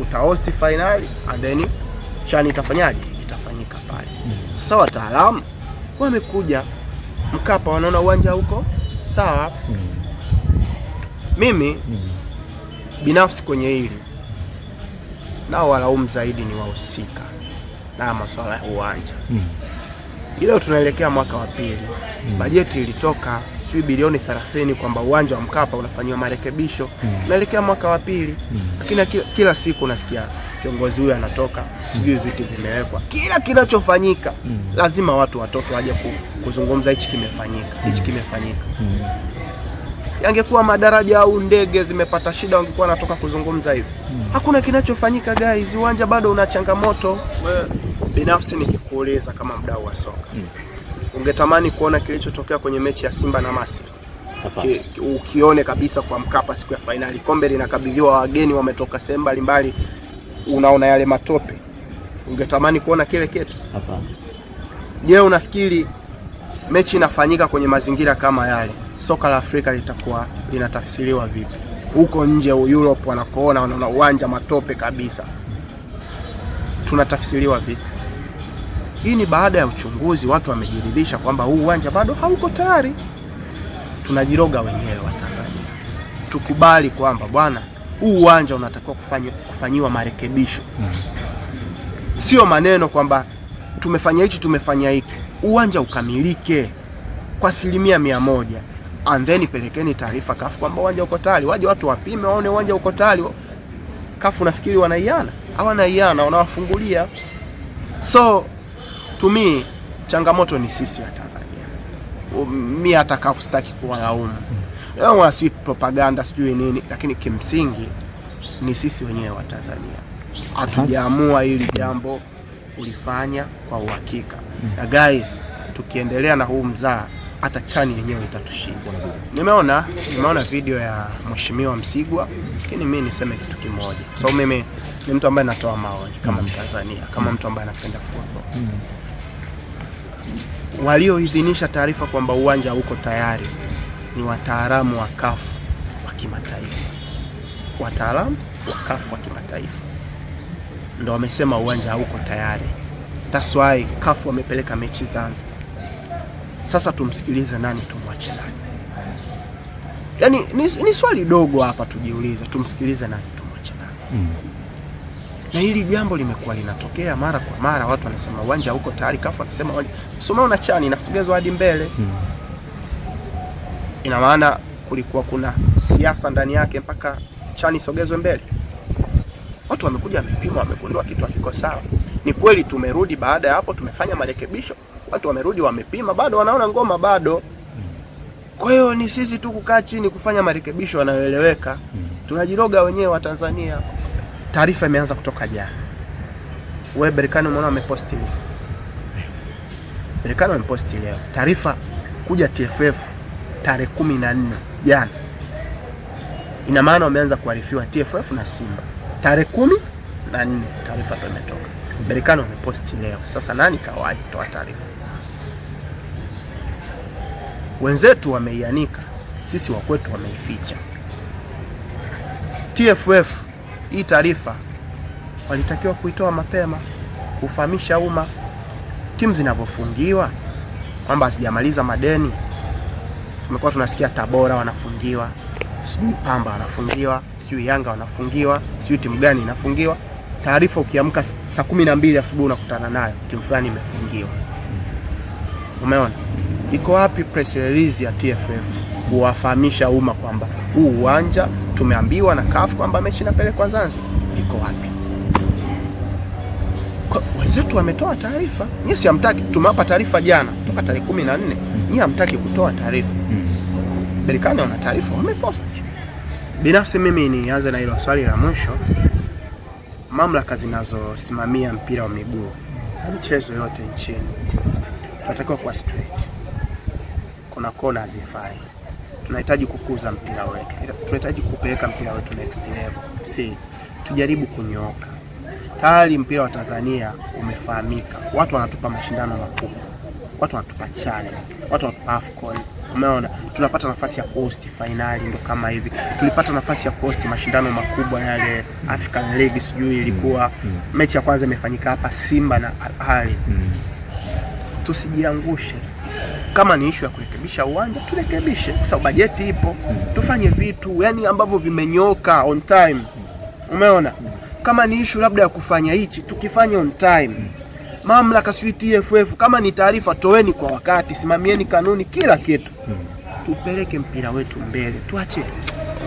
utahost finali and then chani itafanyaje, itafanyika pale. Sasa wataalamu wamekuja Mkapa, wanaona uwanja huko sawa. Mimi binafsi kwenye hili nao walaumu zaidi ni wahusika na masuala ya uwanja ila tunaelekea mwaka wa pili mm. Bajeti ilitoka sijui bilioni thelathini kwamba uwanja wa Mkapa unafanyiwa marekebisho mm. Tunaelekea mwaka wa pili mm. Lakini kila, kila siku unasikia kiongozi huyu anatoka sijui mm. Viti vimewekwa, kila kinachofanyika mm. Lazima watu watoke waje kuzungumza hichi kimefanyika hichi hmm. kimefanyika mm yangekuwa madaraja au ndege zimepata shida, wangekuwa natoka kuzungumza hivi hmm. Hakuna kinachofanyika guys, uwanja bado una changamoto Binafsi nikikuuliza kama mdau wa soka hmm. Ungetamani kuona kilichotokea kwenye mechi ya Simba na Masi Ki, ukione kabisa kwa Mkapa siku ya fainali, kombe linakabidhiwa wageni wametoka sehemu mbalimbali, unaona yale matope. Ungetamani kuona kile kitu? Hapana. Je, unafikiri mechi inafanyika kwenye mazingira kama yale soka la Afrika litakuwa linatafsiriwa vipi huko nje Europe, wanakoona wanaona uwanja matope kabisa, tunatafsiriwa vipi? Hii ni baada ya uchunguzi, watu wamejiridhisha kwamba huu uwanja bado hauko tayari. Tunajiroga wenyewe wa Tanzania, tukubali kwamba bwana, huu uwanja unatakiwa kufanyiwa marekebisho. Mm. Sio maneno kwamba tumefanya hichi tumefanya hiki, uwanja ukamilike kwa asilimia mia moja and then pelekeni taarifa kafu kwamba uwanja uko tayari, waje watu wapime, waone uwanja uko tayari. Kafu nafikiri wanaiana, hawanaiana, wanawafungulia. So to me changamoto ni sisi wa Tanzania. Um, mi hata kafu sitaki kuwalaumu hmm. wala sijui propaganda sijui nini, lakini kimsingi ni sisi wenyewe wa Tanzania hatujaamua hili jambo kulifanya kwa uhakika. Hmm. Na guys, tukiendelea na huu mzaa hata chani yenyewe itatushinda. Nimeona nimeona video ya mheshimiwa Msigwa, lakini mimi niseme kitu kimoja, so, mimi ni mtu ambaye natoa maoni kama mm. Mtanzania, kama mm. mtu ambaye anapenda football. Mm. Walioidhinisha taarifa kwamba uwanja uko tayari ni wataalamu wa CAF wa kimataifa, wataalamu wa CAF wa kimataifa ndio wamesema uwanja uko tayari. That's why CAF wamepeleka mechi Zanzibar sasa tumsikilize nani, tumwache nani? Yaani ni, ni swali dogo hapa tujiulize, tumsikilize nani, tumwache nani? mm. Na hili jambo limekuwa linatokea mara kwa mara, watu wanasema uwanja huko tayari, kafu anasema uwanja na chani nasogezwa hadi mbele mm. Ina maana kulikuwa kuna siasa ndani yake mpaka chani isogezwe mbele. Watu wamekuja wamepima, wamegundua kitu hakiko sawa. Ni kweli tumerudi, baada ya hapo tumefanya marekebisho watu wamerudi wamepima, bado wanaona ngoma bado. Kwa hiyo ni sisi tu kukaa chini kufanya marekebisho yanayoeleweka. Mm. Tunajiroga wenyewe wa Tanzania. Taarifa imeanza kutoka jana, wewe Berkane umeona wameposti leo, Berkane wameposti leo taarifa kuja TFF tarehe kumi na nne jana, ina maana wameanza kuarifiwa TFF na Simba tarehe kumi na nne taarifa imetoka. Berkane wameposti leo, sasa nani kawaitoa taarifa? Wenzetu wameianika, sisi wakwetu wameificha. TFF hii taarifa walitakiwa kuitoa mapema, kufahamisha umma timu zinavyofungiwa kwamba hazijamaliza madeni. Tumekuwa tunasikia Tabora wanafungiwa, sijui Pamba wanafungiwa, sijui Yanga wanafungiwa, sijui timu gani inafungiwa. Taarifa ukiamka saa kumi na mbili asubuhi unakutana nayo timu fulani imefungiwa. Umeona? iko wapi press release ya TFF kuwafahamisha umma kwamba huu uwanja tumeambiwa na CAF kwamba mechi inapelekwa Zanzibar? Iko wapi? Wenzetu wametoa taarifa, nyie si hamtaki. Tumewapa taarifa jana toka tarehe kumi na nne, hmm. nyie hamtaki kutoa taarifa. Hmm. Berikani wana taarifa, wameposti. Binafsi mimi nianze na hilo swali la mwisho, mamlaka zinazosimamia mpira wa miguu na michezo yote nchini tunatakiwa kuwa straight kuna kona hazifai. Tunahitaji kukuza mpira wetu, tunahitaji kupeleka mpira wetu next level. Si tujaribu kunyoka. Tayari mpira wa Tanzania umefahamika, watu wanatupa mashindano makubwa, watu wanatupa chale, watu wanatupa AFCON. Umeona, tunapata nafasi ya kuhost finali, ndo kama hivi tulipata nafasi ya kuhost mashindano makubwa yale African League, sijui ilikuwa mm, mm. mechi ya kwanza imefanyika hapa Simba na Ahly. Mm. Tusijiangushe. Kama ni ishu ya kurekebisha uwanja turekebishe, kwa sababu bajeti ipo, hmm. tufanye vitu yani ambavyo vimenyoka on time, umeona. Kama ni ishu labda ya kufanya hichi, tukifanya on time. Hmm. Mamlaka sijui TFF, kama ni taarifa toweni kwa wakati, simamieni kanuni, kila kitu, hmm. tupeleke mpira wetu mbele, tuache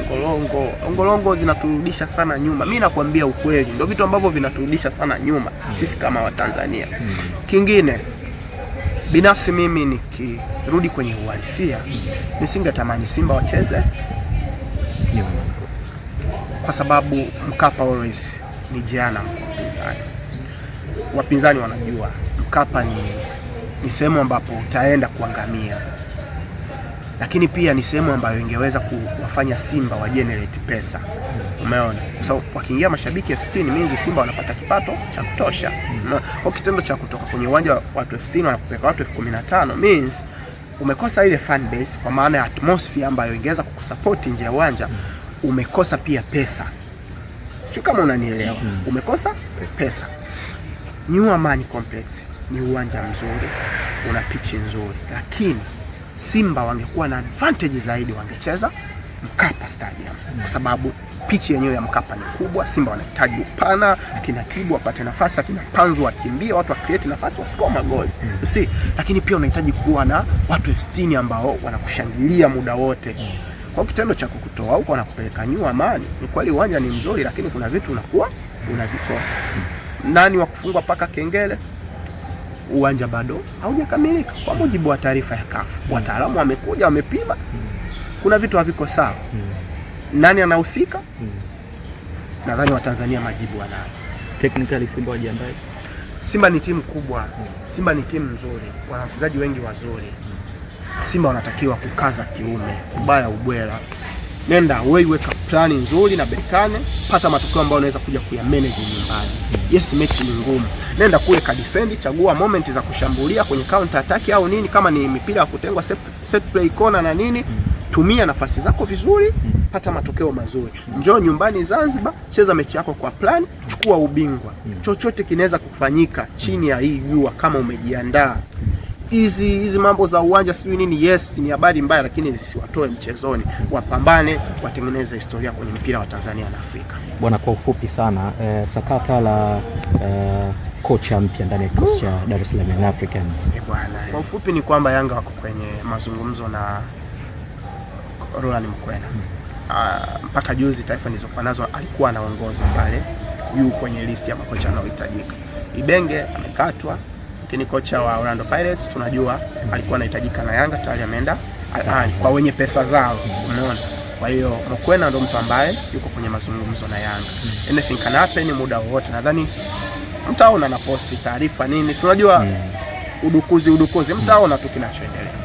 ngolongo. Ngolongo zinaturudisha sana nyuma, mi nakwambia ukweli, ndio vitu ambavyo vinaturudisha sana nyuma sisi kama Watanzania. Kingine Binafsi mimi nikirudi kwenye uhalisia, nisingetamani Simba wacheze kwa sababu Mkapa always ni jana kwa wapinzani. Wapinzani wanajua Mkapa ni, ni sehemu ambapo utaenda kuangamia lakini pia ni sehemu ambayo ingeweza kuwafanya Simba wa generate pesa, umeona, kwa sababu wakiingia mashabiki elfu sitini means Simba wanapata kipato cha kutosha. Kwa kitendo cha kutoka kwenye uwanja watu elfu sitini wanakupeleka watu elfu kumi na tano means umekosa ile fan base, kwa maana ya atmosphere ambayo ingeweza kukusapoti nje ya uwanja. Umekosa pia pesa, sio kama unanielewa, mm-hmm. umekosa pesa. New Amani Complex ni uwanja mzuri, una pichi nzuri, lakini Simba wangekuwa na advantage zaidi, wangecheza Mkapa Stadium kwa sababu pichi yenyewe ya Mkapa ni kubwa. Simba wanahitaji upana, akina Kibu wapate nafasi, akina Panzu wakimbie, watu wa create nafasi, wasikoe magoli mm. see. lakini pia unahitaji kuwa na watu elfu sitini ambao wanakushangilia muda wote mm. kwa kitendo cha kukutoa huko wanakupeleka nyuma. Amani ni kweli, uwanja ni mzuri, lakini kuna vitu unakuwa unavikosa. Hmm. Nani wa kufungwa mpaka kengele uwanja bado haujakamilika kwa mujibu wa taarifa ya CAF. Hmm. Wataalamu wamekuja wamepima, hmm. kuna vitu haviko sawa. Hmm. Nani anahusika? Nadhani Watanzania majibu wanayo. Technically Simba wajiandae. Simba ni timu kubwa, Simba ni timu nzuri, wana wachezaji wengi wazuri. Simba wanatakiwa kukaza kiume, ubaya ubwela nenda wewe, weka plani nzuri na bekane, pata matokeo ambayo unaweza kuja kuyamanage nyumbani. Yes, mechi ni ngumu, nenda kule ka defend, chagua moment za kushambulia kwenye counter attack au nini, kama ni mipira ya kutengwa set, set play kona na nini, tumia nafasi zako vizuri, pata matokeo mazuri. Njoo nyumbani Zanzibar, cheza mechi yako kwa plani, chukua ubingwa. Chochote kinaweza kufanyika chini ya hii jua kama umejiandaa hizi hizi mambo za uwanja sijui nini, yes ni habari mbaya, lakini zisiwatoe mchezoni, wapambane, watengeneze historia kwenye mpira wa Tanzania na Afrika. Bwana, kwa ufupi sana eh, sakata la eh, kocha mpya ndani ya kikosi cha Dar es Salaam Africans. Eh, bwana, eh. kwa ufupi ni kwamba Yanga wako kwenye mazungumzo na Roland Mkwena hmm. Uh, mpaka juzi taarifa nilizokuwa nazo alikuwa anaongoza pale juu kwenye listi ya makocha anaohitajika. Ibenge amekatwa lakini kocha wa Orlando Pirates tunajua hmm. alikuwa anahitajika na Yanga tayari ameenda kwa wenye pesa zao, umeona. Kwa hiyo Mokwena ndo mtu ambaye yuko kwenye mazungumzo na Yanga, hmm. anything can happen muda wowote. Nadhani mtaona na posti taarifa nini, tunajua hmm. udukuzi udukuzi, mtaona tu kinachoendelea.